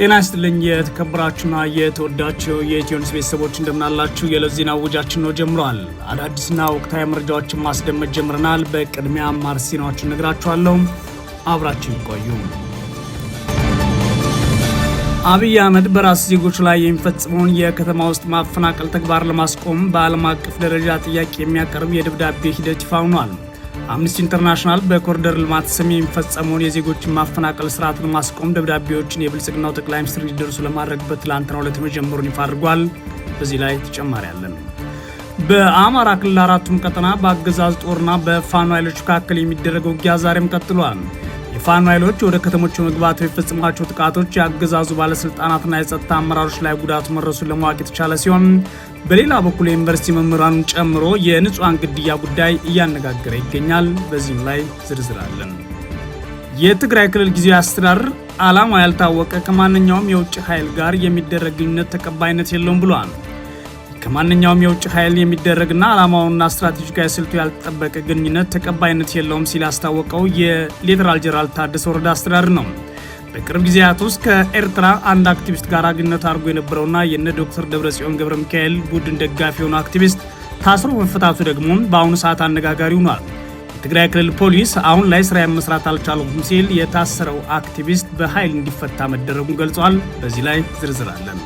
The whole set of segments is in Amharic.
ጤና ይስጥልኝ የተከበራችሁና የተወዳችሁ የኢትዮኒውስ ቤተሰቦች እንደምናላችሁ። የዕለት ዜና ውጃችን ነው ጀምሯል። አዳዲስና ወቅታዊ መረጃዎችን ማስደመጥ ጀምረናል። በቅድሚያ ማርስ ዜናዎችን ነግራችኋለሁ። አብራችሁ ይቆዩ። አብይ አህመድ በራስ ዜጎች ላይ የሚፈጽመውን የከተማ ውስጥ ማፈናቀል ተግባር ለማስቆም በዓለም አቀፍ ደረጃ ጥያቄ የሚያቀርብ የደብዳቤ ሂደት ይፋ ሆኗል። አምነስቲ ኢንተርናሽናል በኮሪደር ልማት ስም የሚፈጸመውን የዜጎችን ማፈናቀል ስርዓት ማስቆም ደብዳቤዎችን የብልጽግናው ጠቅላይ ሚኒስትር እንዲደርሱ ለማድረግ በትላንትናው ዕለት መጀመሩን ይፋ አድርጓል። በዚህ ላይ ተጨማሪ አለን። በአማራ ክልል አራቱም ቀጠና በአገዛዝ ጦርና በፋኖ ኃይሎች መካከል የሚደረገው ውጊያ ዛሬም ቀጥሏል። የፋኖ ኃይሎች ወደ ከተሞች በመግባት የሚፈጽሟቸው ጥቃቶች የአገዛዙ ባለስልጣናትና የጸጥታ አመራሮች ላይ ጉዳት መድረሱን ለማወቅ የተቻለ ሲሆን በሌላ በኩል የዩኒቨርሲቲ መምህራኑን ጨምሮ የንጹሐን ግድያ ጉዳይ እያነጋገረ ይገኛል። በዚህም ላይ ዝርዝር አለን። የትግራይ ክልል ጊዜያዊ አስተዳደር ዓላማ ያልታወቀ ከማንኛውም የውጭ ኃይል ጋር የሚደረግ ግንኙነት ተቀባይነት የለውም ብሏል። ከማንኛውም የውጭ ኃይል የሚደረግና ዓላማውና ስትራቴጂካዊ ስልቱ ያልተጠበቀ ግንኙነት ተቀባይነት የለውም ሲል ያስታወቀው የሌተናል ጄኔራል ታደሰ ወረደ አስተዳደር ነው። በቅርብ ጊዜያት ውስጥ ከኤርትራ አንድ አክቲቪስት ጋር ግንኙነት አድርጎ የነበረውና የነ ዶክተር ደብረጽዮን ገብረ ሚካኤል ቡድን ደጋፊ የሆኑ አክቲቪስት ታስሮ መፈታቱ ደግሞ በአሁኑ ሰዓት አነጋጋሪ ሆኗል። የትግራይ ክልል ፖሊስ አሁን ላይ ስራ መስራት አልቻለም ሲል የታሰረው አክቲቪስት በኃይል እንዲፈታ መደረጉን ገልጿል። በዚህ ላይ ዝርዝር አለን።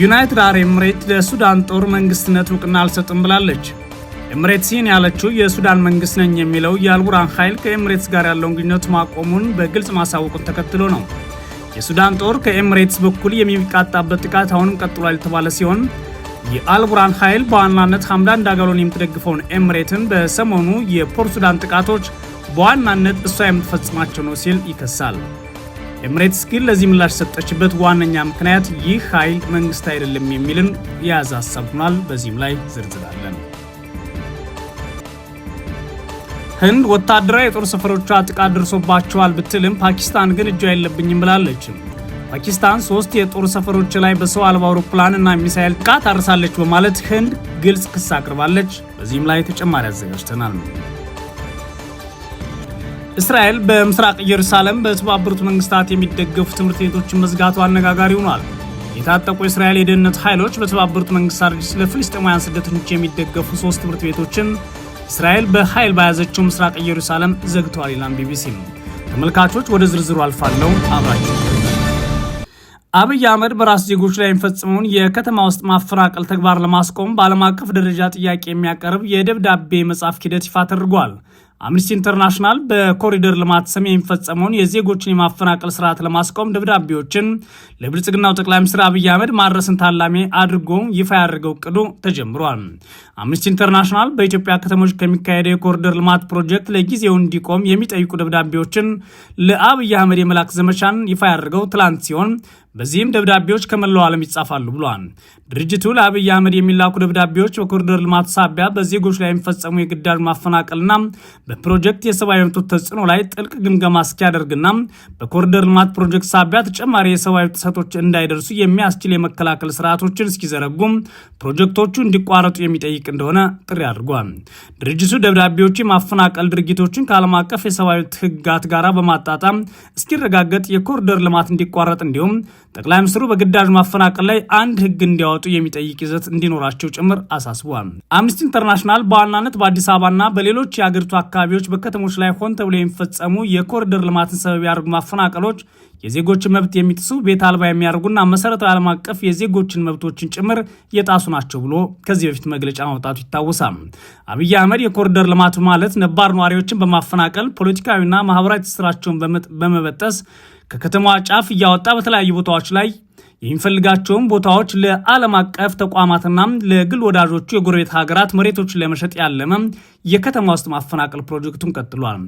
ዩናይትድ አረብ ኤምሬት ለሱዳን ጦር መንግስትነት እውቅና አልሰጥም ብላለች። ኤምሬት ሲን ያለችው የሱዳን መንግስት ነኝ የሚለው የአልቡራን ኃይል ከኤምሬትስ ጋር ያለውን ግንኙነት ማቆሙን በግልጽ ማሳወቁን ተከትሎ ነው። የሱዳን ጦር ከኤምሬትስ በኩል የሚቃጣበት ጥቃት አሁንም ቀጥሏል የተባለ ሲሆን የአልቡራን ኃይል በዋናነት ሐምዳን ዳጋሎን የምትደግፈውን ኤምሬትን በሰሞኑ የፖርት ሱዳን ጥቃቶች በዋናነት እሷ የምትፈጽማቸው ነው ሲል ይከሳል። ኤምሬትስ ግን ለዚህ ምላሽ ሰጠችበት ዋነኛ ምክንያት ይህ ኃይል መንግስት አይደለም የሚልን የያዘ ሀሳብ ሆኗል። በዚህም ላይ ዝርዝራለን። ህንድ ወታደራዊ የጦር ሰፈሮቿ ጥቃት ደርሶባቸዋል ብትልም ፓኪስታን ግን እጇ የለብኝም ብላለች። ፓኪስታን ሶስት የጦር ሰፈሮች ላይ በሰው አልባ አውሮፕላን እና ሚሳይል ጥቃት አርሳለች በማለት ህንድ ግልጽ ክስ አቅርባለች። በዚህም ላይ ተጨማሪ አዘጋጅተናል። እስራኤል በምስራቅ ኢየሩሳሌም በተባበሩት መንግስታት የሚደገፉ ትምህርት ቤቶችን መዝጋቱ አነጋጋሪ ሆኗል። የታጠቁ የእስራኤል የደህንነት ኃይሎች በተባበሩት መንግስታት ድርጅት ለፍልስጤማውያን ስደተኞች የሚደገፉ ሶስት ትምህርት ቤቶችን እስራኤል በኃይል በያዘችው ምስራቅ ኢየሩሳሌም ዘግተዋል ይላል ቢቢሲ። ተመልካቾች ወደ ዝርዝሩ አልፋለሁ፣ አብራችሁ አብይ አህመድ በራስ ዜጎች ላይ የሚፈጽመውን የከተማ ውስጥ ማፈናቀል ተግባር ለማስቆም በዓለም አቀፍ ደረጃ ጥያቄ የሚያቀርብ የደብዳቤ መጻፍ ሂደት ይፋ ተደርጓል። አምነስቲ ኢንተርናሽናል በኮሪደር ልማት ስም የሚፈጸመውን የዜጎችን የማፈናቀል ስርዓት ለማስቆም ደብዳቤዎችን ለብልጽግናው ጠቅላይ ሚኒስትር አብይ አህመድ ማድረስን ታላሚ አድርጎ ይፋ ያደርገው እቅዱ ተጀምሯል። አምነስቲ ኢንተርናሽናል በኢትዮጵያ ከተሞች ከሚካሄደው የኮሪደር ልማት ፕሮጀክት ለጊዜው እንዲቆም የሚጠይቁ ደብዳቤዎችን ለአብይ አህመድ የመላክ ዘመቻን ይፋ ያደርገው ትላንት ሲሆን በዚህም ደብዳቤዎች ከመላው ዓለም ይጻፋሉ ብሏል። ድርጅቱ ለአብይ አህመድ የሚላኩ ደብዳቤዎች በኮሪደር ልማት ሳቢያ በዜጎች ላይ የሚፈጸሙ የግዳጅ ማፈናቀልና በፕሮጀክት የሰብአዊ መብቶች ተጽዕኖ ላይ ጥልቅ ግምገማ እስኪያደርግና በኮሪደር ልማት ፕሮጀክት ሳቢያ ተጨማሪ የሰብአዊ ጥሰቶች እንዳይደርሱ የሚያስችል የመከላከል ስርዓቶችን እስኪዘረጉም ፕሮጀክቶቹ እንዲቋረጡ የሚጠይቅ እንደሆነ ጥሪ አድርጓል። ድርጅቱ ደብዳቤዎች የማፈናቀል ድርጊቶችን ከዓለም አቀፍ የሰብአዊ ህግጋት ጋር በማጣጣም እስኪረጋገጥ የኮሪደር ልማት እንዲቋረጥ እንዲሁም ጠቅላይ ሚኒስትሩ በግዳጅ ማፈናቀል ላይ አንድ ህግ እንዲያወ እንዲያወጡ የሚጠይቅ ይዘት እንዲኖራቸው ጭምር አሳስቧል። አምነስቲ ኢንተርናሽናል በዋናነት በአዲስ አበባና በሌሎች የአገሪቱ አካባቢዎች በከተሞች ላይ ሆን ተብሎ የሚፈጸሙ የኮሪደር ልማትን ሰበብ ያደርጉ ማፈናቀሎች የዜጎችን መብት የሚጥሱ ቤት አልባ የሚያደርጉና መሰረታዊ ዓለም አቀፍ የዜጎችን መብቶችን ጭምር የጣሱ ናቸው ብሎ ከዚህ በፊት መግለጫ ማውጣቱ ይታወሳል። አብይ አህመድ የኮሪደር ልማት ማለት ነባር ነዋሪዎችን በማፈናቀል ፖለቲካዊና ማህበራዊ ትስስራቸውን በመበጠስ ከከተማዋ ጫፍ እያወጣ በተለያዩ ቦታዎች ላይ የሚፈልጋቸውን ቦታዎች ለዓለም አቀፍ ተቋማትና ለግል ወዳጆቹ የጎረቤት ሀገራት መሬቶች ለመሸጥ ያለመ የከተማ ውስጥ ማፈናቀል ፕሮጀክቱን ቀጥሏል።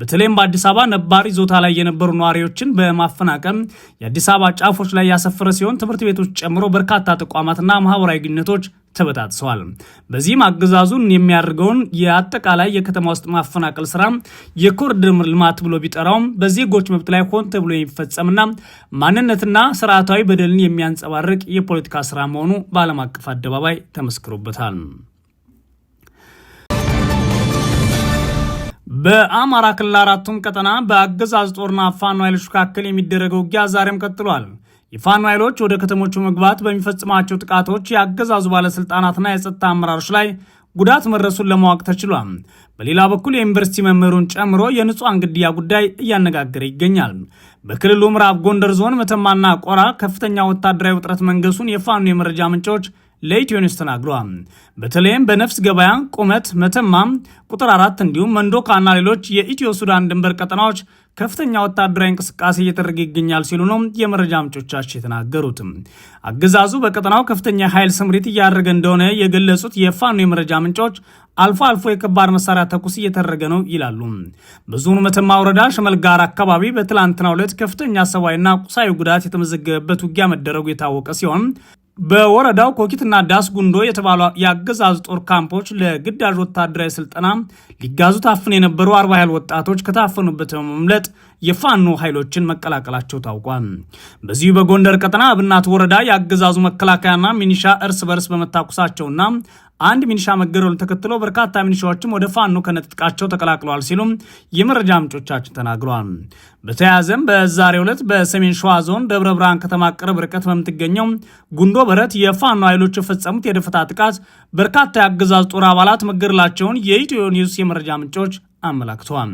በተለይም በአዲስ አበባ ነባር ይዞታ ላይ የነበሩ ነዋሪዎችን በማፈናቀል የአዲስ አበባ ጫፎች ላይ ያሰፈረ ሲሆን ትምህርት ቤቶች ጨምሮ በርካታ ተቋማትና ማህበራዊ ግንኙነቶች ተበጣጥሰዋል። በዚህም አገዛዙን የሚያደርገውን የአጠቃላይ የከተማ ውስጥ ማፈናቀል ስራ የኮሪደር ልማት ብሎ ቢጠራውም በዜጎች መብት ላይ ሆን ተብሎ የሚፈጸምና ማንነትና ስርዓታዊ በደልን የሚያንጸባርቅ የፖለቲካ ስራ መሆኑ በዓለም አቀፍ አደባባይ ተመስክሮበታል። በአማራ ክልል አራቱም ቀጠና በአገዛዝ ጦርና ፋኖ ኃይሎች መካከል የሚደረገው ውጊያ ዛሬም ቀጥሏል። የፋኖ ኃይሎች ወደ ከተሞቹ መግባት በሚፈጽማቸው ጥቃቶች የአገዛዙ ባለስልጣናትና የጸጥታ አመራሮች ላይ ጉዳት መድረሱን ለማወቅ ተችሏል። በሌላ በኩል የዩኒቨርሲቲ መምህሩን ጨምሮ የንጹሐን ግድያ ጉዳይ እያነጋገረ ይገኛል። በክልሉ ምዕራብ ጎንደር ዞን መተማና ቆራ ከፍተኛ ወታደራዊ ውጥረት መንገሱን የፋኖ የመረጃ ምንጮች ለኢትዮ ኒውስ ተናግረዋል። በተለይም በነፍስ ገበያ፣ ቁመት፣ መተማም ቁጥር አራት እንዲሁም መንዶካና ሌሎች የኢትዮ ሱዳን ድንበር ቀጠናዎች ከፍተኛ ወታደራዊ እንቅስቃሴ እየተደረገ ይገኛል ሲሉ ነው የመረጃ ምንጮቻችን የተናገሩትም። አገዛዙ በቀጠናው ከፍተኛ ኃይል ስምሪት እያደረገ እንደሆነ የገለጹት የፋኖ የመረጃ ምንጮች አልፎ አልፎ የከባድ መሳሪያ ተኩስ እየተደረገ ነው ይላሉ። ብዙውን መተማ ወረዳ ሸመልጋር አካባቢ በትላንትናው ዕለት ከፍተኛ ሰብአዊና ቁሳዊ ጉዳት የተመዘገበበት ውጊያ መደረጉ የታወቀ ሲሆን በወረዳው ኮኪትና ዳስ ጉንዶ የተባሉ የአገዛዝ ጦር ካምፖች ለግዳጅ ወታደራዊ ስልጠና ሊጋዙ ታፍን የነበሩ አርባ ያህል ወጣቶች ከታፈኑበት በመምለጥ የፋኖ ኃይሎችን መቀላቀላቸው ታውቋል። በዚሁ በጎንደር ቀጠና አብናት ወረዳ የአገዛዙ መከላከያና ሚኒሻ እርስ በርስ በመታኩሳቸውና አንድ ሚኒሻ መገደሉን ተከትሎ በርካታ ሚኒሻዎችም ወደ ፋኖ ከነጥጥቃቸው ተቀላቅለዋል ሲሉም የመረጃ ምንጮቻችን ተናግረዋል። በተያያዘም በዛሬ ዕለት በሰሜን ሸዋ ዞን ደብረ ብርሃን ከተማ ቅርብ ርቀት በምትገኘው ጉንዶ በረት የፋኖ ኃይሎች የፈጸሙት የደፈጣ ጥቃት በርካታ የአገዛዝ ጦር አባላት መገደላቸውን የኢትዮ ኒውስ የመረጃ ምንጮች አመላክተዋል።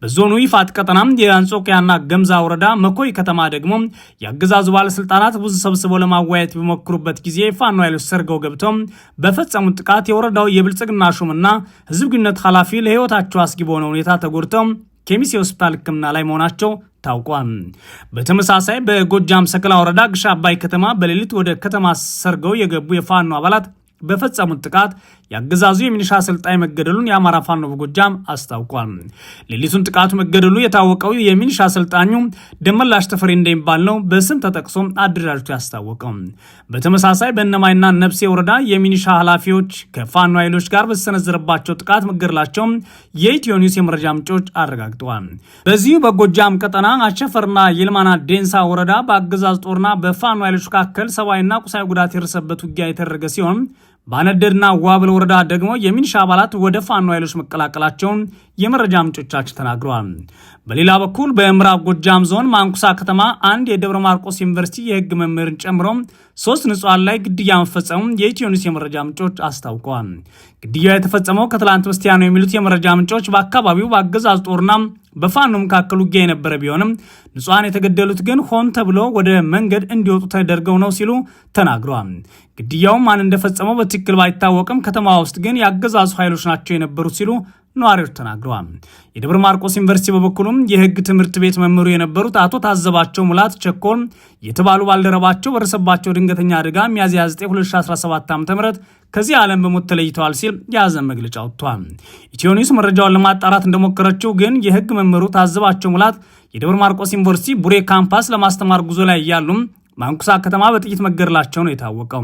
በዞኑ ይፋት ቀጠና የአንጾኪያና ገምዛ ወረዳ መኮይ ከተማ ደግሞ የአገዛዙ ባለስልጣናት ብዙ ሰብስበው ለማዋየት በሞክሩበት ጊዜ ፋኖ ኃይሎች ሰርገው ገብተው በፈጸሙት ጥቃት የወረዳው የብልጽግና ሹምና ህዝብ ግንኙነት ኃላፊ ለህይወታቸው አስጊ በሆነ ሁኔታ ተጎድተው ኬሚሴ ሆስፒታል ህክምና ላይ መሆናቸው ታውቋል። በተመሳሳይ በጎጃም ሰክላ ወረዳ ግሻ አባይ ከተማ በሌሊት ወደ ከተማ ሰርገው የገቡ የፋኖ አባላት በፈጸሙት ጥቃት የአገዛዙ የሚኒሻ አሰልጣኝ መገደሉን የአማራ ፋኖ በጎጃም አስታውቋል። ሌሊቱን ጥቃቱ መገደሉ የታወቀው የሚኒሻ አሰልጣኙ ደመላሽ ተፈሪ እንደሚባል ነው በስም ተጠቅሶ አደራጅቱ ያስታወቀው። በተመሳሳይ በእነማይና ነብሴ ወረዳ የሚኒሻ ኃላፊዎች ከፋኖ ኃይሎች ጋር በተሰነዘረባቸው ጥቃት መገደላቸው የኢትዮ ኒውስ የመረጃ ምንጮች አረጋግጠዋል። በዚሁ በጎጃም ቀጠና አሸፈርና የልማና ዴንሳ ወረዳ በአገዛዝ ጦርና በፋኖ ኃይሎች መካከል ሰብአዊና ቁሳዊ ጉዳት የደረሰበት ውጊያ የተደረገ ሲሆን ባነደድና ዋብል ወረዳ ደግሞ የሚኒሻ አባላት ወደ ፋኖ ኃይሎች መቀላቀላቸውን የመረጃ ምንጮቻችን ተናግረዋል። በሌላ በኩል በምዕራብ ጎጃም ዞን ማንኩሳ ከተማ አንድ የደብረ ማርቆስ ዩኒቨርሲቲ የህግ መምህርን ጨምሮ ሶስት ንጹሐን ላይ ግድያ መፈጸሙም የኢትዮ ኒውስ የመረጃ ምንጮች አስታውቀዋል። ግድያው የተፈጸመው ከትላንት በስቲያ ነው የሚሉት የመረጃ ምንጮች በአካባቢው በአገዛዝ ጦርና በፋኖ መካከል ውጊያ የነበረ ቢሆንም ንጹሐን የተገደሉት ግን ሆን ተብሎ ወደ መንገድ እንዲወጡ ተደርገው ነው ሲሉ ተናግረዋል። ግድያው ማን እንደፈጸመው በትክክል ባይታወቅም ከተማ ውስጥ ግን የአገዛዙ ኃይሎች ናቸው የነበሩት ሲሉ ነዋሪዎች ተናግረዋል። የደብረ ማርቆስ ዩኒቨርሲቲ በበኩሉም የህግ ትምህርት ቤት መምህሩ የነበሩት አቶ ታዘባቸው ሙላት ቸኮል የተባሉ ባልደረባቸው በረሰባቸው ድንገተኛ አደጋ ሚያዝያ 9 2017 ዓ ም ከዚህ ዓለም በሞት ተለይተዋል ሲል የሐዘን መግለጫ ወጥቷል። ኢትዮኒውስ መረጃውን ለማጣራት እንደሞከረችው ግን የህግ መምህሩ ታዘባቸው ሙላት የደብረ ማርቆስ ዩኒቨርሲቲ ቡሬ ካምፓስ ለማስተማር ጉዞ ላይ እያሉም ማንኩሳ ከተማ በጥይት መገደላቸው ነው የታወቀው።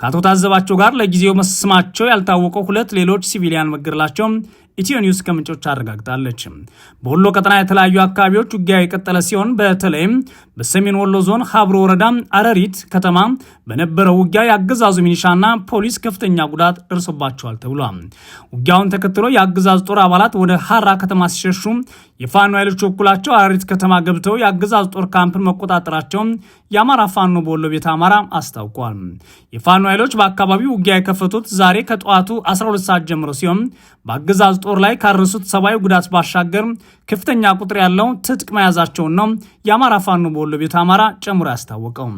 ከአቶ ታዘባቸው ጋር ለጊዜው ስማቸው ያልታወቀው ሁለት ሌሎች ሲቪሊያን መገደላቸው ኢትዮ ኒውስ ከምንጮች አረጋግጣለች። በወሎ ቀጠና የተለያዩ አካባቢዎች ውጊያ የቀጠለ ሲሆን በተለይም በሰሜን ወሎ ዞን ሀብሮ ወረዳ አረሪት ከተማ በነበረው ውጊያ የአገዛዙ ሚኒሻና ፖሊስ ከፍተኛ ጉዳት ደርሶባቸዋል ተብሏል። ውጊያውን ተከትሎ የአገዛዙ ጦር አባላት ወደ ሀራ ከተማ ሲሸሹ የፋኖ ኃይሎች በኩላቸው አረሪት ከተማ ገብተው የአገዛዙ ጦር ካምፕን መቆጣጠራቸውን የአማራ ፋኖ በወሎ ቤተ አማራ አስታውቋል። የፋኖ ኃይሎች በአካባቢው ውጊያ የከፈቱት ዛሬ ከጠዋቱ 12 ሰዓት ጀምሮ ሲሆን በአገዛዙ ጦር ላይ ካረሱት ሰብአዊ ጉዳት ባሻገር ከፍተኛ ቁጥር ያለው ትጥቅ መያዛቸውን ነው የአማራ ፋኖ በወሎ ቤት አማራ ጨምሮ ያስታወቀው።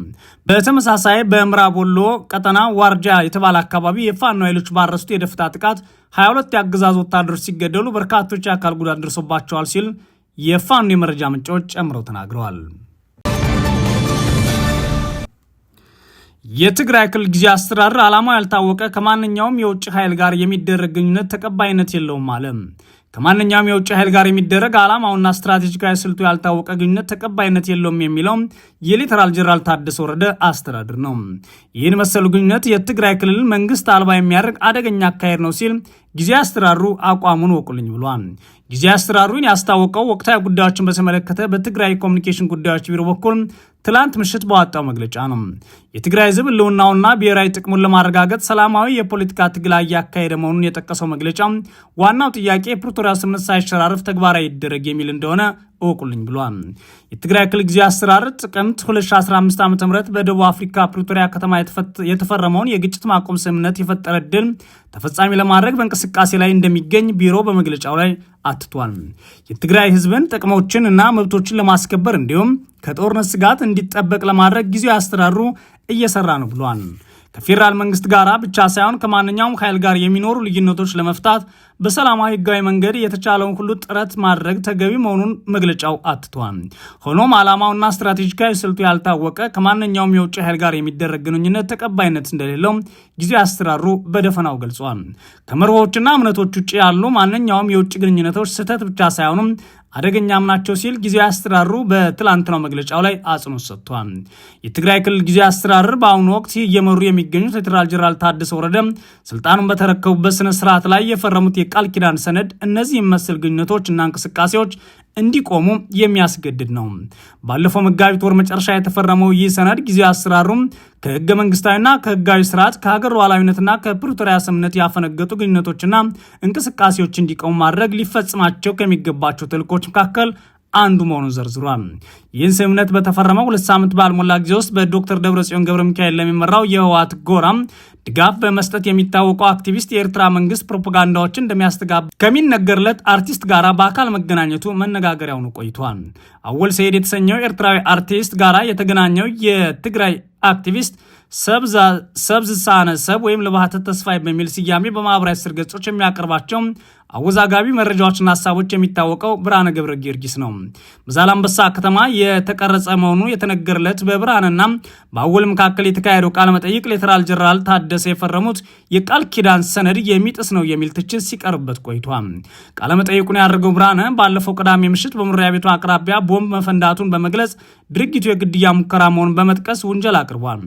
በተመሳሳይ በምዕራብ ወሎ ቀጠና ዋርጃ የተባለ አካባቢ የፋኖ ኃይሎች ባረሱት የደፍታ ጥቃት 22 የአገዛዝ ወታደሮች ሲገደሉ በርካቶች የአካል ጉዳት ደርሶባቸዋል ሲል የፋኖ የመረጃ ምንጮች ጨምረው ተናግረዋል። የትግራይ ክልል ጊዜ አስተዳደር ዓላማው ያልታወቀ ከማንኛውም የውጭ ኃይል ጋር የሚደረግ ግንኙነት ተቀባይነት የለውም አለ። ከማንኛውም የውጭ ኃይል ጋር የሚደረግ ዓላማውና ስትራቴጂካዊ ስልቱ ያልታወቀ ግንኙነት ተቀባይነት የለውም የሚለው የሌተናል ጀነራል ታደሰ ወረደ አስተዳደር ነው። ይህን መሰሉ ግንኙነት የትግራይ ክልል መንግስት አልባ የሚያደርግ አደገኛ አካሄድ ነው ሲል ጊዜ አስተዳደሩ አቋሙን ወቁልኝ ብሏል። ጊዜ አስተዳደሩን ያስታወቀው ወቅታዊ ጉዳዮችን በተመለከተ በትግራይ ኮሚኒኬሽን ጉዳዮች ቢሮ በኩል ትላንት ምሽት በዋጣው መግለጫ ነው። የትግራይ ህዝብ ህልውናውና ብሔራዊ ጥቅሙን ለማረጋገጥ ሰላማዊ የፖለቲካ ትግል እያካሄደ መሆኑን የጠቀሰው መግለጫ ዋናው ጥያቄ የፕሪቶሪያ ስምምነት ሳይሸራረፍ ተግባራዊ ይደረግ የሚል እንደሆነ እወቁልኝ ብሏል። የትግራይ ክልል ጊዜያዊ አስተዳደር ጥቅምት 2015 ዓ ም በደቡብ አፍሪካ ፕሪቶሪያ ከተማ የተፈረመውን የግጭት ማቆም ስምምነት የፈጠረ ድል ተፈጻሚ ለማድረግ በእንቅስቃሴ ላይ እንደሚገኝ ቢሮ በመግለጫው ላይ አትቷል። የትግራይ ህዝብን ጥቅሞችን እና መብቶችን ለማስከበር እንዲሁም ከጦርነት ስጋት እንዲጠበቅ ለማድረግ ጊዜያዊ አስተዳደሩ እየሰራ ነው ብሏል። ከፌዴራል መንግስት ጋር ብቻ ሳይሆን ከማንኛውም ኃይል ጋር የሚኖሩ ልዩነቶች ለመፍታት በሰላማዊ ህጋዊ መንገድ የተቻለውን ሁሉ ጥረት ማድረግ ተገቢ መሆኑን መግለጫው አትቷል። ሆኖም ዓላማውና ስትራቴጂካዊ ስልቱ ያልታወቀ ከማንኛውም የውጭ ኃይል ጋር የሚደረግ ግንኙነት ተቀባይነት እንደሌለው ጊዜ አስተራሩ በደፈናው ገልጿል። ከመርሆዎችና እምነቶች ውጭ ያሉ ማንኛውም የውጭ ግንኙነቶች ስህተት ብቻ ሳይሆኑም አደገኛም ናቸው ሲል ጊዜያዊ አስተዳደሩ በትላንትናው መግለጫው ላይ አጽንኦት ሰጥቷል። የትግራይ ክልል ጊዜያዊ አስተዳደር በአሁኑ ወቅት እየመሩ የሚገኙት ሌተናል ጀነራል ታደሰ ወረደ ስልጣኑን በተረከቡበት ስነ ስርዓት ላይ የፈረሙት የቃል ኪዳን ሰነድ እነዚህ መሰል ግንኙነቶች እና እንቅስቃሴዎች እንዲቆሙ የሚያስገድድ ነው። ባለፈው መጋቢት ወር መጨረሻ የተፈረመው ይህ ሰነድ ጊዜያዊ አሰራሩም ከህገ መንግስታዊና ከህጋዊ ስርዓት ከሀገር ሉዓላዊነትና ከፕሪቶሪያ ስምምነት ያፈነገጡ ግንኙነቶችና እንቅስቃሴዎች እንዲቆሙ ማድረግ ሊፈጽማቸው ከሚገባቸው ተልእኮች መካከል አንዱ መሆኑን ዘርዝሯል። ይህን ስምምነት በተፈረመው ሁለት ሳምንት ባልሞላ ጊዜ ውስጥ በዶክተር ደብረጽዮን ገብረ ሚካኤል ለሚመራው የህወሓት ጎራም ድጋፍ በመስጠት የሚታወቀው አክቲቪስት የኤርትራ መንግስት ፕሮፓጋንዳዎችን እንደሚያስተጋባ ከሚነገርለት አርቲስት ጋራ በአካል መገናኘቱ መነጋገሪያውን ቆይቷል። አወል ሰይድ የተሰኘው ኤርትራዊ አርቲስት ጋራ የተገናኘው የትግራይ አክቲቪስት ሰብዝ ሳነ ሰብ ወይም ልባተ ተስፋዬ በሚል ስያሜ በማህበራዊ ስር ገጾች የሚያቀርባቸው አወዛጋቢ መረጃዎችና ሀሳቦች የሚታወቀው ብርሃነ ገብረ ጊዮርጊስ ነው። በዛላምበሳ ከተማ የተቀረጸ መሆኑ የተነገረለት በብርሃንና በአወል መካከል የተካሄደው ቃለ መጠይቅ ሌተናል ጀነራል ታደሰ የፈረሙት የቃል ኪዳን ሰነድ የሚጥስ ነው የሚል ትችት ሲቀርብበት ቆይቷል። ቃለ መጠይቁን ያደርገው ብርሃነ ባለፈው ቅዳሜ ምሽት በመኖሪያ ቤቱ አቅራቢያ ቦምብ መፈንዳቱን በመግለጽ ድርጊቱ የግድያ ሙከራ መሆኑን በመጥቀስ ውንጀል አቅርቧል።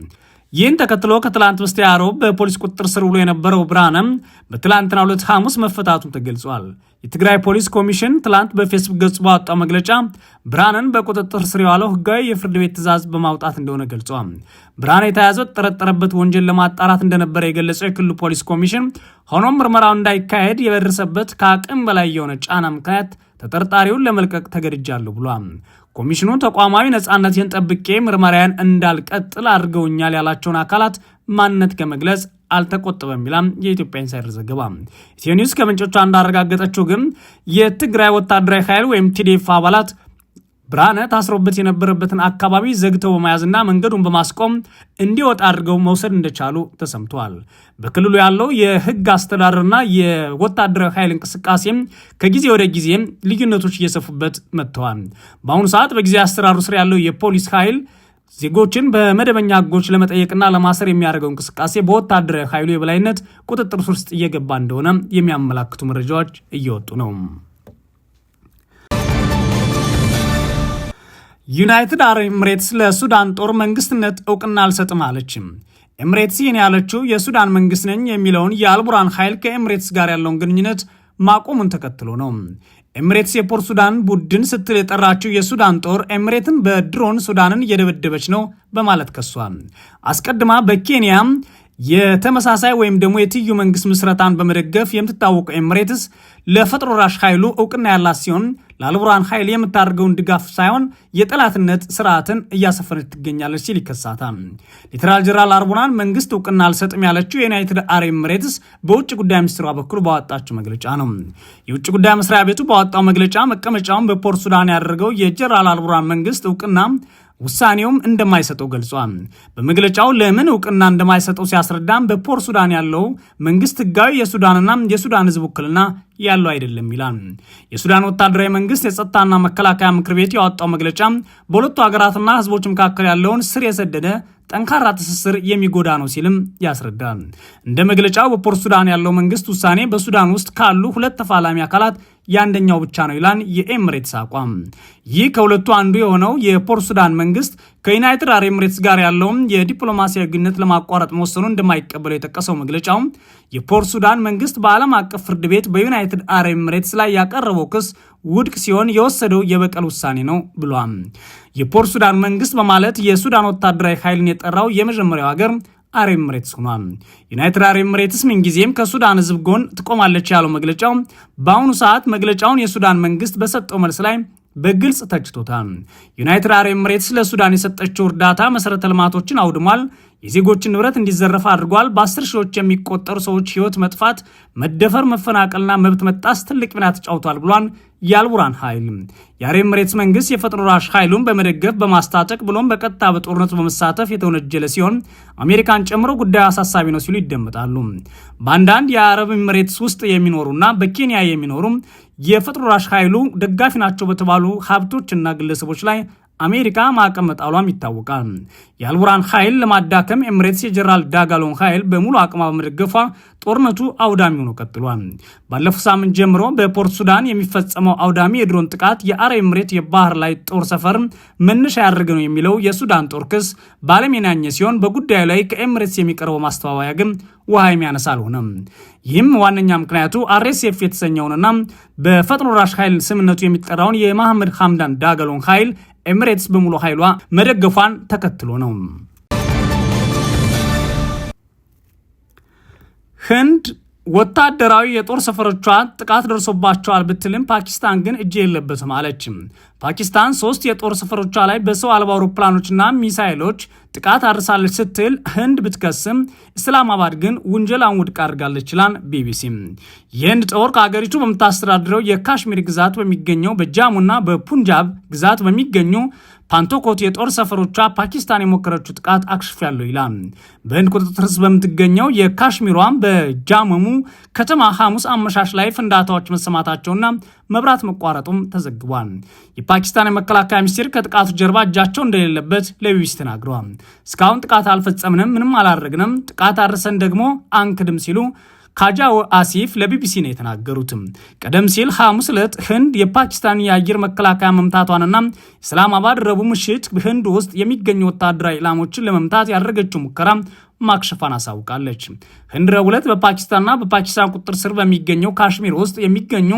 ይህን ተከትሎ ከትላንት በስቲያ ሮብ በፖሊስ ቁጥጥር ስር ውሎ የነበረው ብርሃነም በትላንትና ሁለት ሐሙስ መፈታቱን ተገልጿል። የትግራይ ፖሊስ ኮሚሽን ትላንት በፌስቡክ ገጹ ባወጣው መግለጫ ብርሃንን በቁጥጥር ስር የዋለው ህጋዊ የፍርድ ቤት ትዕዛዝ በማውጣት እንደሆነ ገልጿል። ብርሃን የተያዘው ጠረጠረበት ወንጀል ለማጣራት እንደነበረ የገለጸው የክልሉ ፖሊስ ኮሚሽን ሆኖም ምርመራው እንዳይካሄድ የደረሰበት ከአቅም በላይ የሆነ ጫና ምክንያት ተጠርጣሪውን ለመልቀቅ ተገድጃለሁ ብሏል። ኮሚሽኑ ተቋማዊ ነፃነቴን ጠብቄ ምርመራያን እንዳልቀጥል አድርገውኛል ያላቸውን አካላት ማንነት ከመግለጽ አልተቆጠበም ይላል የኢትዮጵያ ኢንሳይደር ዘገባ። ኢትዮኒውስ ከምንጮቿ እንዳረጋገጠችው ግን የትግራይ ወታደራዊ ኃይል ወይም ቲዲኤፍ አባላት ብርሃነ ታስሮበት የነበረበትን አካባቢ ዘግተው በመያዝና መንገዱን በማስቆም እንዲወጣ አድርገው መውሰድ እንደቻሉ ተሰምቷል። በክልሉ ያለው የህግ አስተዳደርና የወታደራዊ ኃይል እንቅስቃሴም ከጊዜ ወደ ጊዜ ልዩነቶች እየሰፉበት መጥተዋል። በአሁኑ ሰዓት በጊዜ አስተዳደሩ ስር ያለው የፖሊስ ኃይል ዜጎችን በመደበኛ ህጎች ለመጠየቅና ለማሰር የሚያደርገው እንቅስቃሴ በወታደራዊ ኃይሉ የበላይነት ቁጥጥር ውስጥ እየገባ እንደሆነ የሚያመላክቱ መረጃዎች እየወጡ ነው። ዩናይትድ አረብ ኤምሬትስ ለሱዳን ጦር መንግስትነት እውቅና አልሰጥም አለችም። ኤምሬትስ ይህን ያለችው የሱዳን መንግስት ነኝ የሚለውን የአልቡራን ኃይል ከኤምሬትስ ጋር ያለውን ግንኙነት ማቆሙን ተከትሎ ነው። ኤምሬትስ የፖርት ሱዳን ቡድን ስትል የጠራችው የሱዳን ጦር ኤምሬትን በድሮን ሱዳንን እየደበደበች ነው በማለት ከሷል። አስቀድማ በኬንያ የተመሳሳይ ወይም ደግሞ የትዩ መንግስት ምስረታን በመደገፍ የምትታወቀው ኤምሬትስ ለፈጥኖ ራሽ ኃይሉ እውቅና ያላት ሲሆን ለአልቡርሃን ኃይል የምታደርገውን ድጋፍ ሳይሆን የጠላትነት ስርዓትን እያሰፈነች ትገኛለች ሲል ይከሳታል። ሌተናል ጀነራል አልቡርሃን መንግስት እውቅና አልሰጥም ያለችው የዩናይትድ አረብ ኤምሬትስ በውጭ ጉዳይ ሚኒስትሯ በኩል ባወጣችው መግለጫ ነው። የውጭ ጉዳይ መስሪያ ቤቱ ባወጣው መግለጫ መቀመጫውን በፖርት ሱዳን ያደረገው የጀነራል አልቡርሃን መንግስት እውቅና ውሳኔውም እንደማይሰጠው ገልጿል። በመግለጫው ለምን እውቅና እንደማይሰጠው ሲያስረዳም በፖር ሱዳን ያለው መንግስት ህጋዊ የሱዳንና የሱዳን ህዝብ ውክልና ያለው አይደለም ይላል። የሱዳን ወታደራዊ መንግስት የጸጥታና መከላከያ ምክር ቤት ያወጣው መግለጫ በሁለቱ ሀገራትና ህዝቦች መካከል ያለውን ስር የሰደደ ጠንካራ ትስስር የሚጎዳ ነው ሲልም ያስረዳል። እንደ መግለጫው በፖርት ሱዳን ያለው መንግስት ውሳኔ በሱዳን ውስጥ ካሉ ሁለት ተፋላሚ አካላት የአንደኛው ብቻ ነው ይላል የኤምሬትስ አቋም። ይህ ከሁለቱ አንዱ የሆነው የፖርት ሱዳን መንግስት ከዩናይትድ አረብ ኤምሬትስ ጋር ያለውን የዲፕሎማሲያዊ ግንኙነት ለማቋረጥ መወሰኑ እንደማይቀበለው የጠቀሰው መግለጫው የፖርት ሱዳን መንግስት በዓለም አቀፍ ፍርድ ቤት በዩናይትድ አረብ ኤምሬትስ ላይ ያቀረበው ክስ ውድቅ ሲሆን የወሰደው የበቀል ውሳኔ ነው ብሏል። የፖርት ሱዳን መንግስት በማለት የሱዳን ወታደራዊ ኃይልን የጠራው የመጀመሪያው ሀገር አረብ ኤምሬትስ ሆኗል። ዩናይትድ አረብ ኤምሬትስ ምንጊዜም ከሱዳን ህዝብ ጎን ትቆማለች ያለው መግለጫው በአሁኑ ሰዓት መግለጫውን የሱዳን መንግስት በሰጠው መልስ ላይ በግልጽ ተችቶታል። ዩናይትድ አረብ ኤምሬትስ ለሱዳን የሰጠችው እርዳታ መሰረተ ልማቶችን አውድሟል፣ የዜጎችን ንብረት እንዲዘረፍ አድርጓል፣ በአስር ሺዎች የሚቆጠሩ ሰዎች ህይወት መጥፋት፣ መደፈር፣ መፈናቀልና መብት መጣስ ትልቅ ሚና ተጫውቷል ብሏል። የአልቡራን ኃይል የአረብ ኤምሬትስ መንግስት የፈጥኖ ራሽ ኃይሉን በመደገፍ በማስታጠቅ ብሎም በቀጥታ በጦርነቱ በመሳተፍ የተወነጀለ ሲሆን አሜሪካን ጨምሮ ጉዳዩ አሳሳቢ ነው ሲሉ ይደመጣሉ። በአንዳንድ የአረብ ኤምሬትስ ውስጥ የሚኖሩና በኬንያ የሚኖሩ የፈጥኖ ደራሽ ኃይሉ ደጋፊ ናቸው በተባሉ ሀብቶችና ግለሰቦች ላይ አሜሪካ ማዕቀብ መጣሏም ይታወቃል። የአልቡራን ኃይል ለማዳከም ኤምሬትስ የጀነራል ዳጋሎን ኃይል በሙሉ አቅማ በመደገፏ ጦርነቱ አውዳሚ ሆኖ ቀጥሏል። ባለፈው ሳምንት ጀምሮ በፖርት ሱዳን የሚፈጸመው አውዳሚ የድሮን ጥቃት የአረብ ኤምሬት የባህር ላይ ጦር ሰፈር መነሻ ያደረገ ነው የሚለው የሱዳን ጦር ክስ በዓለም የናኘ ሲሆን በጉዳዩ ላይ ከኤምሬትስ የሚቀርበው ማስተባበያ ግን ውሃ የሚያነሳ አልሆነም። ይህም ዋነኛ ምክንያቱ አርኤስኤፍ የተሰኘውንና በፈጥኖ ራሽ ኃይል ስምነቱ የሚጠራውን የማህመድ ሐምዳን ዳገሎን ኃይል ኤሚሬትስ በሙሉ ኃይሏ መደገፏን ተከትሎ ነው። ህንድ ወታደራዊ የጦር ሰፈሮቿ ጥቃት ደርሶባቸዋል ብትልም ፓኪስታን ግን እጅ የለበትም አለችም። ፓኪስታን ሶስት የጦር ሰፈሮቿ ላይ በሰው አልባ አውሮፕላኖችና ሚሳይሎች ጥቃት አድርሳለች ስትል ህንድ ብትከስም እስላማባድ ግን ውንጀላን ውድቅ አድርጋለች ይላል ቢቢሲ። የህንድ ጦር ከአገሪቱ በምታስተዳድረው የካሽሚር ግዛት በሚገኘው በጃሙና በፑንጃብ ግዛት በሚገኙ ፓንቶኮት የጦር ሰፈሮቿ ፓኪስታን የሞከረችው ጥቃት አክሽፊያለሁ ይላል። በህንድ ቁጥጥር ስር በምትገኘው የካሽሚሯን በጃመሙ ከተማ ሐሙስ አመሻሽ ላይ ፍንዳታዎች መሰማታቸውና መብራት መቋረጡም ተዘግቧል። የፓኪስታን የመከላከያ ሚኒስቴር ከጥቃቱ ጀርባ እጃቸው እንደሌለበት ለቢቢሲ ተናግረዋል። እስካሁን ጥቃት አልፈጸምንም፣ ምንም አላደረግንም፣ ጥቃት አድርሰን ደግሞ አንክድም ሲሉ ካጃው አሲፍ ለቢቢሲ ነው የተናገሩትም። ቀደም ሲል ሐሙስ ዕለት ህንድ የፓኪስታን የአየር መከላከያ መምታቷንና ኢስላማባድ ረቡዕ ምሽት ህንድ ውስጥ የሚገኙ ወታደራዊ ኢላሞችን ለመምታት ያደረገችው ሙከራ ማክሸፋን አሳውቃለች። ህንድ ረቡዕ ዕለት በፓኪስታንና በፓኪስታን ቁጥጥር ስር በሚገኘው ካሽሚር ውስጥ የሚገኙ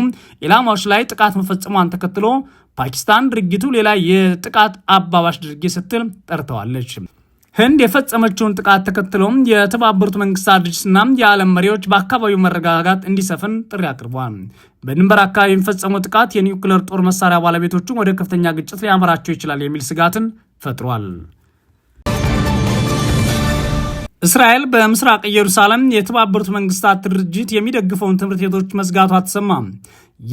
ኢላማዎች ላይ ጥቃት መፈጸሟን ተከትሎ ፓኪስታን ድርጊቱ ሌላ የጥቃት አባባሽ ድርጊት ስትል ጠርተዋለች። ህንድ የፈጸመችውን ጥቃት ተከትሎም የተባበሩት መንግስታት ድርጅትና የዓለም መሪዎች በአካባቢው መረጋጋት እንዲሰፍን ጥሪ አቅርቧል። በድንበር አካባቢ የሚፈጸመው ጥቃት የኒውክሌር ጦር መሳሪያ ባለቤቶቹን ወደ ከፍተኛ ግጭት ሊያመራቸው ይችላል የሚል ስጋትን ፈጥሯል። እስራኤል በምስራቅ ኢየሩሳሌም የተባበሩት መንግስታት ድርጅት የሚደግፈውን ትምህርት ቤቶች መዝጋቷ ተሰማ።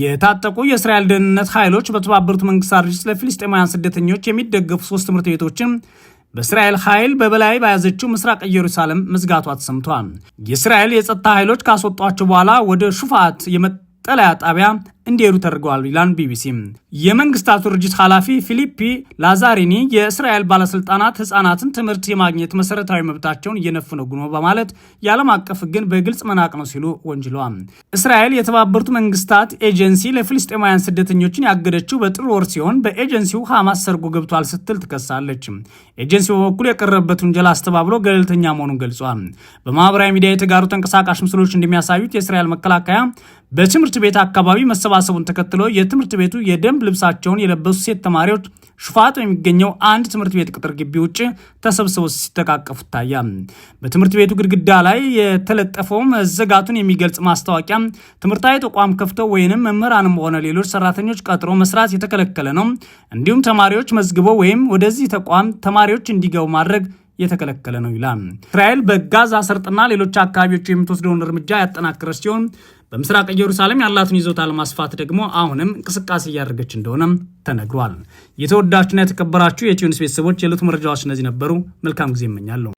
የታጠቁ የእስራኤል ደህንነት ኃይሎች በተባበሩት መንግስታት ድርጅት ለፊልስጤማውያን ስደተኞች የሚደገፉ ሶስት ትምህርት ቤቶችን በእስራኤል ኃይል በበላይ በያዘችው ምስራቅ ኢየሩሳሌም መዝጋቷ ተሰምቷል። የእስራኤል የጸጥታ ኃይሎች ካስወጧቸው በኋላ ወደ ሹፋት የመጠለያ ጣቢያ እንዲሄዱ ተደርገዋል ይላል ቢቢሲ። የመንግስታቱ ድርጅት ኃላፊ ፊሊፒ ላዛሪኒ የእስራኤል ባለስልጣናት ህጻናትን ትምህርት የማግኘት መሰረታዊ መብታቸውን እየነፈጉ ነው በማለት የዓለም አቀፍ ህግን በግልጽ መናቅ ነው ሲሉ ወንጅለዋል። እስራኤል የተባበሩት መንግስታት ኤጀንሲ ለፊልስጤማውያን ስደተኞችን ያገደችው በጥር ወር ሲሆን በኤጀንሲው ሐማስ ሰርጎ ገብቷል ስትል ትከሳለች። ኤጀንሲው በበኩሉ የቀረበበት ውንጀላ አስተባብሎ ገለልተኛ መሆኑን ገልጿል። በማህበራዊ ሚዲያ የተጋሩ ተንቀሳቃሽ ምስሎች እንደሚያሳዩት የእስራኤል መከላከያ በትምህርት ቤት አካባቢ መሰባሰቡን ተከትሎ የትምህርት ቤቱ የደንብ ልብሳቸውን የለበሱ ሴት ተማሪዎች ሽፋጥ የሚገኘው አንድ ትምህርት ቤት ቅጥር ግቢ ውጭ ተሰብስበው ሲተቃቀፉ ይታያል። በትምህርት ቤቱ ግድግዳ ላይ የተለጠፈው መዘጋቱን የሚገልጽ ማስታወቂያ ትምህርታዊ ተቋም ከፍተው ወይንም መምህራንም ሆነ ሌሎች ሰራተኞች ቀጥሮ መስራት የተከለከለ ነው፣ እንዲሁም ተማሪዎች መዝግበው ወይም ወደዚህ ተቋም ተማሪዎች እንዲገቡ ማድረግ የተከለከለ ነው ይላል። እስራኤል በጋዛ ሰርጥና ሌሎች አካባቢዎች የምትወስደውን እርምጃ ያጠናከረች ሲሆን በምስራቅ ኢየሩሳሌም ያላትን ይዞታ ለማስፋት ደግሞ አሁንም እንቅስቃሴ እያደረገች እንደሆነም ተነግሯል። የተወዳችሁና የተከበራችሁ የኢትዮ ኒውስ ቤተሰቦች የዕለቱ መረጃዎች እነዚህ ነበሩ። መልካም ጊዜ እመኛለሁ።